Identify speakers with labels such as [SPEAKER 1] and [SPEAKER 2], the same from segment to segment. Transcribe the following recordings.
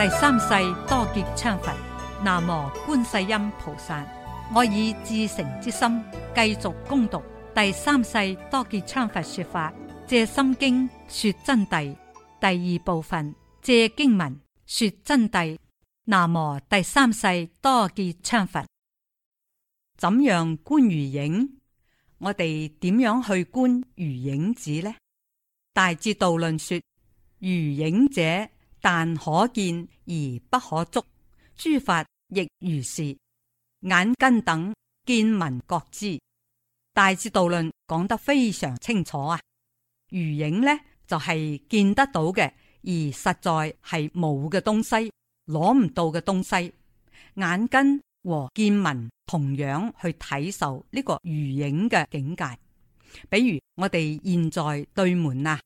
[SPEAKER 1] 第三世多杰羌佛，南無觀世音菩薩。我以至誠之心繼續恭讀第三世多杰羌佛說法，藉心經說真諦第二部分，藉經文說真諦。南無第三世多杰羌佛，怎樣觀如影？我哋點樣去觀如影子呢？大智度論說：如影者。但可見而不可捉，諸法亦如是。眼根等見聞覺知，《大智度論》講得非常清楚啊。如影呢，就係、是、見得到嘅，而實在係冇嘅東西，攞唔到嘅東西。眼根和見聞同樣去體受呢個如影嘅境界。比如我哋現在對門啊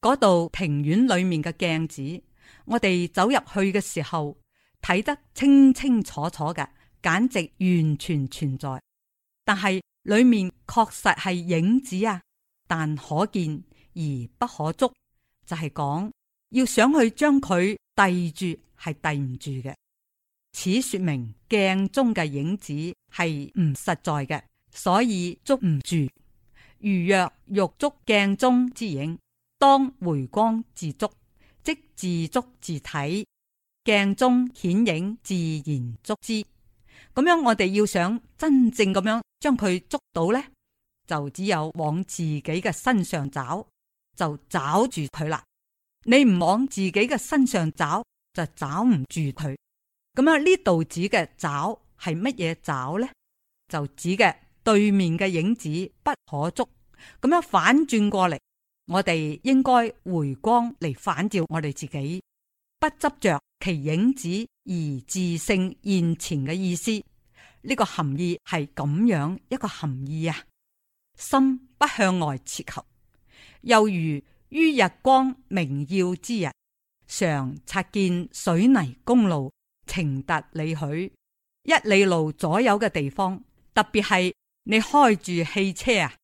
[SPEAKER 1] 嗰度庭院裏面嘅鏡子。我哋走入去嘅時候，睇得清清楚楚嘅，簡直完全存在。但係裏面確實係影子啊，但可見而不可捉，就係、是、講要想去將佢逮住係逮唔住嘅。此說明鏡中嘅影子係唔實在嘅，所以捉唔住。如若欲捉鏡，鏡中之影，當回光自捉。即自捉自睇，鏡中顯影自然捉之。咁樣我哋要想真正咁樣將佢捉到呢，就只有往自己嘅身上找，就找住佢啦。你唔往自己嘅身上找，就找唔住佢。咁樣呢度指嘅找係乜嘢找呢？就指嘅對面嘅影子不可捉。咁樣反轉過嚟。我哋應該回光嚟，反照我哋自己，不執着其影子而自性現前嘅意思。呢、這個含義係咁樣一個含義啊。心不向外切求。又如於日光明耀之日，常察見水泥公路，情達里許一里路左右嘅地方，特別係你開住汽車啊，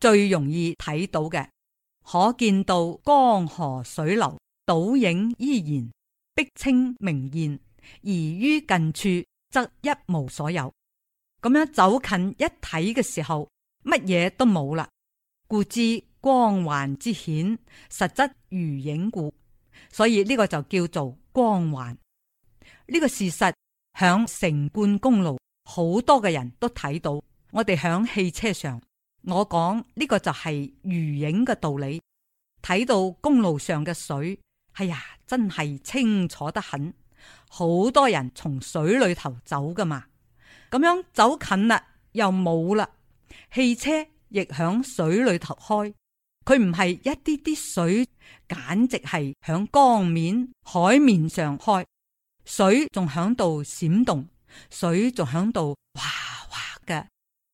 [SPEAKER 1] 最容易睇到嘅。可見到江河水流倒影依然，碧清明艷；而於近處則一無所有。咁樣走近一睇嘅時候，乜嘢都冇啦。故知光環之險，實則如影故。所以呢個就叫做光環。呢、這個事實響城灌公路，好多嘅人都睇到。我哋響汽車上。我講呢、這個就係魚影嘅道理，睇到公路上嘅水，哎呀，真係清楚得很。好多人從水裏頭走噶嘛，咁樣走近啦又冇啦。汽車亦響水裏頭開，佢唔係一啲啲水，簡直係響江面、海面上開，水仲響度閃動，水仲響度滑滑嘅。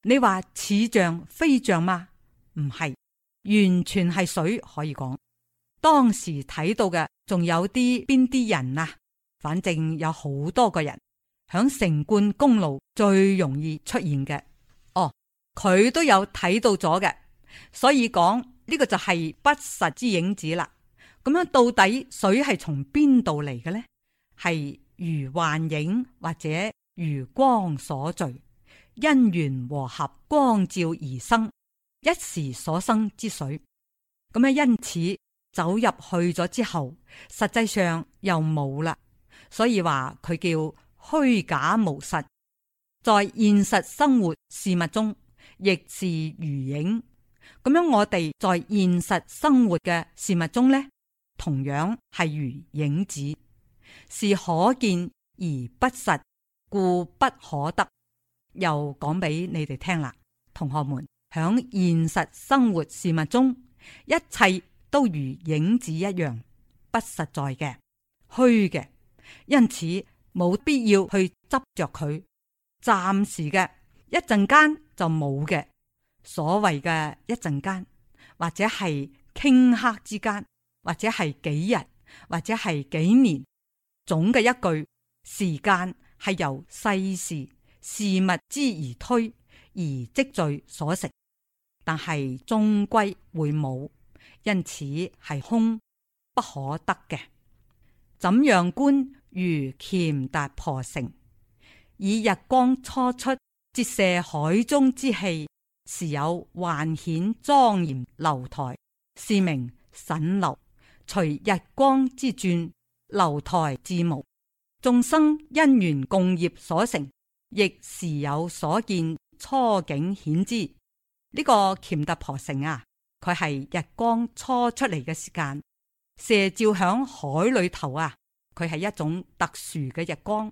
[SPEAKER 1] 你話似像非像嗎？唔係，完全係水可以講。當時睇到嘅仲有啲邊啲人啊，反正有好多個人響城灌公路最容易出現嘅。哦，佢都有睇到咗嘅，所以講呢個就係不實之影子啦。咁樣到底水係從邊度嚟嘅呢？係如幻影或者如光所聚？因緣和合，光照而生，一時所生之水，咁樣因此走入去咗之後，實際上又冇啦，所以話佢叫虛假無實。在現實生活事物中，亦是如影。咁樣我哋在現實生活嘅事物中呢，同樣係如影子，是可見而不實，故不可得。又講俾你哋聽啦，同學們，響現實生活事物中，一切都如影子一樣，不實在嘅虛嘅，因此冇必要去執着佢。暫時嘅一陣間就冇嘅，所謂嘅一陣間或者係頃刻之間，或者係幾日，或者係幾年。總嘅一句，時間係由世事。事物之而推而積聚所成，但係終歸會冇，因此係空不可得嘅。怎樣觀如乾闥婆城，以日光初出，折射海中之氣，時有幻顯莊嚴樓台，是名蜃樓，隨日光之轉，樓台至無。眾生因緣共業所成。亦時有所見，初景顯之。呢、這個乾闥婆城啊，佢係日光初出嚟嘅時間，射照響海裏頭啊，佢係一種特殊嘅日光，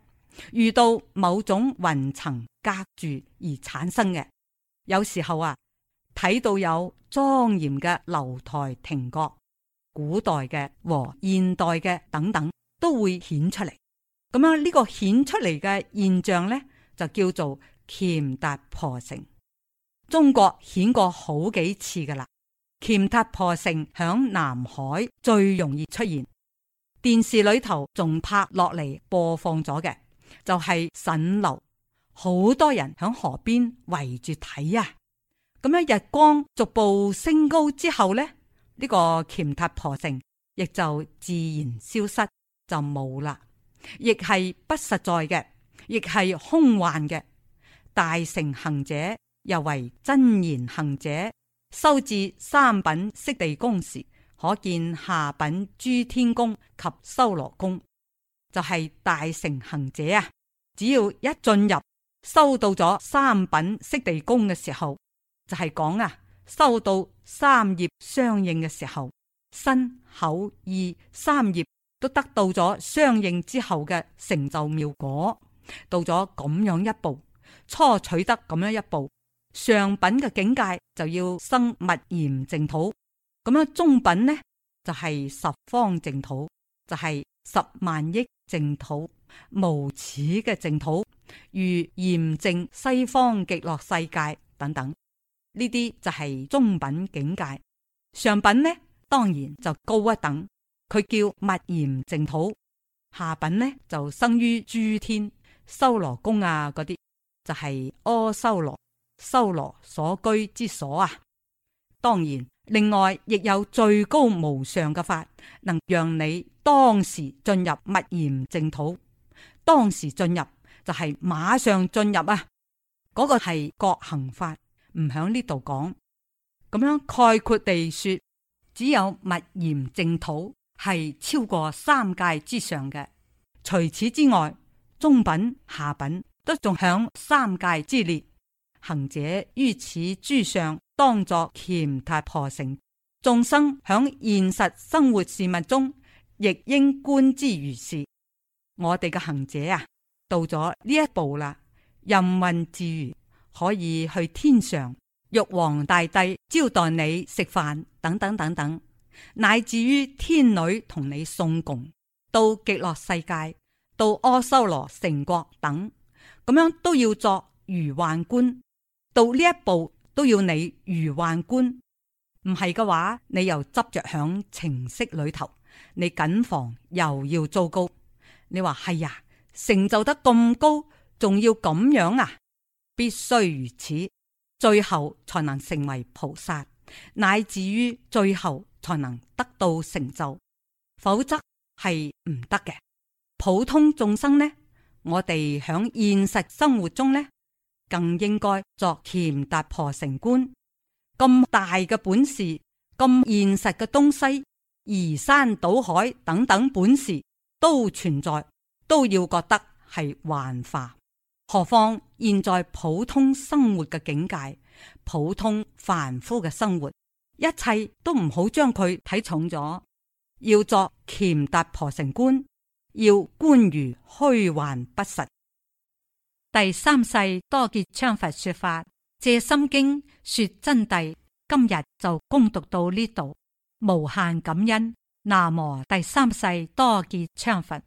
[SPEAKER 1] 遇到某種雲層隔住而產生嘅。有時候啊，睇到有莊嚴嘅樓台亭閣，古代嘅和現代嘅等等，都會顯出嚟。咁樣呢個顯出嚟嘅現象呢。就叫做乾闥婆城。中國顯過好幾次㗎喇。乾闥婆城響南海最容易出現，電視裏頭仲拍落嚟播放咗嘅，就係、是、蜃樓，好多人響河邊圍住睇啊。咁樣日光逐步升高之後呢，呢、這個乾闥婆城亦就自然消失，就冇啦，亦係不實在嘅。亦係空幻嘅。大乘行者，又為真言行者，修至三品悉地宮時，可見下品諸天宮及修羅宮，就係、是、大乘行者啊！只要一進入，修到咗三品悉地宮嘅時候，就係、是、講啊，修到三業相應嘅時候，身、口、意三業都得到咗相應之後嘅成就妙果。到咗咁樣一步，初取得咁樣一步，上品嘅境界就要生密嚴淨土，咁樣中品呢就係、是、十方淨土，就係、是、十萬億淨土，無始嘅淨土，如嚴淨西方極樂世界等等，呢啲就係中品境界。上品呢當然就高一等，佢叫密嚴淨土。下品呢就生於諸天。修羅宮啊，嗰啲就係、是、阿修羅修羅所居之所啊。當然，另外亦有最高無上嘅法，能讓你當時進入密嚴淨土。當時進入就係、是、馬上進入啊！嗰、這個係國行法，唔響呢度講。咁樣概括地說，只有密嚴淨土係超過三界之上嘅。除此之外。中品、下品都仲響三界之列，行者於此諸上當作乾闥婆城，眾生響現實生活事物中亦應觀之如是。我哋嘅行者啊，到咗呢一步啦，任運自如，可以去天上玉皇大帝招待你食飯，等等等等，乃至於天女同你送供，到極樂世界。到阿修羅城國等咁樣都要作如幻觀，到呢一步都要你如幻觀，唔係嘅話，你又執着響情色裏頭，你謹防又要糟糕。你話係，哎呀，成就得咁高，仲要咁樣啊？必須如此，最後才能成為菩薩，乃至於最後才能得到成就，否則係唔得嘅。普通眾生呢？我哋響現實生活中呢，更應該作乾達婆城觀。咁大嘅本事，咁現實嘅東西，移山倒海等等本事都存在，都要覺得係幻化。何況現在普通生活嘅境界，普通凡夫嘅生活，一切都唔好將佢睇重咗，要作乾達婆城觀。要觀如虛幻不實，第三世多杰羌佛說法，借心經說真諦。今日就恭讀到呢度，無限感恩。南無第三世多杰羌佛。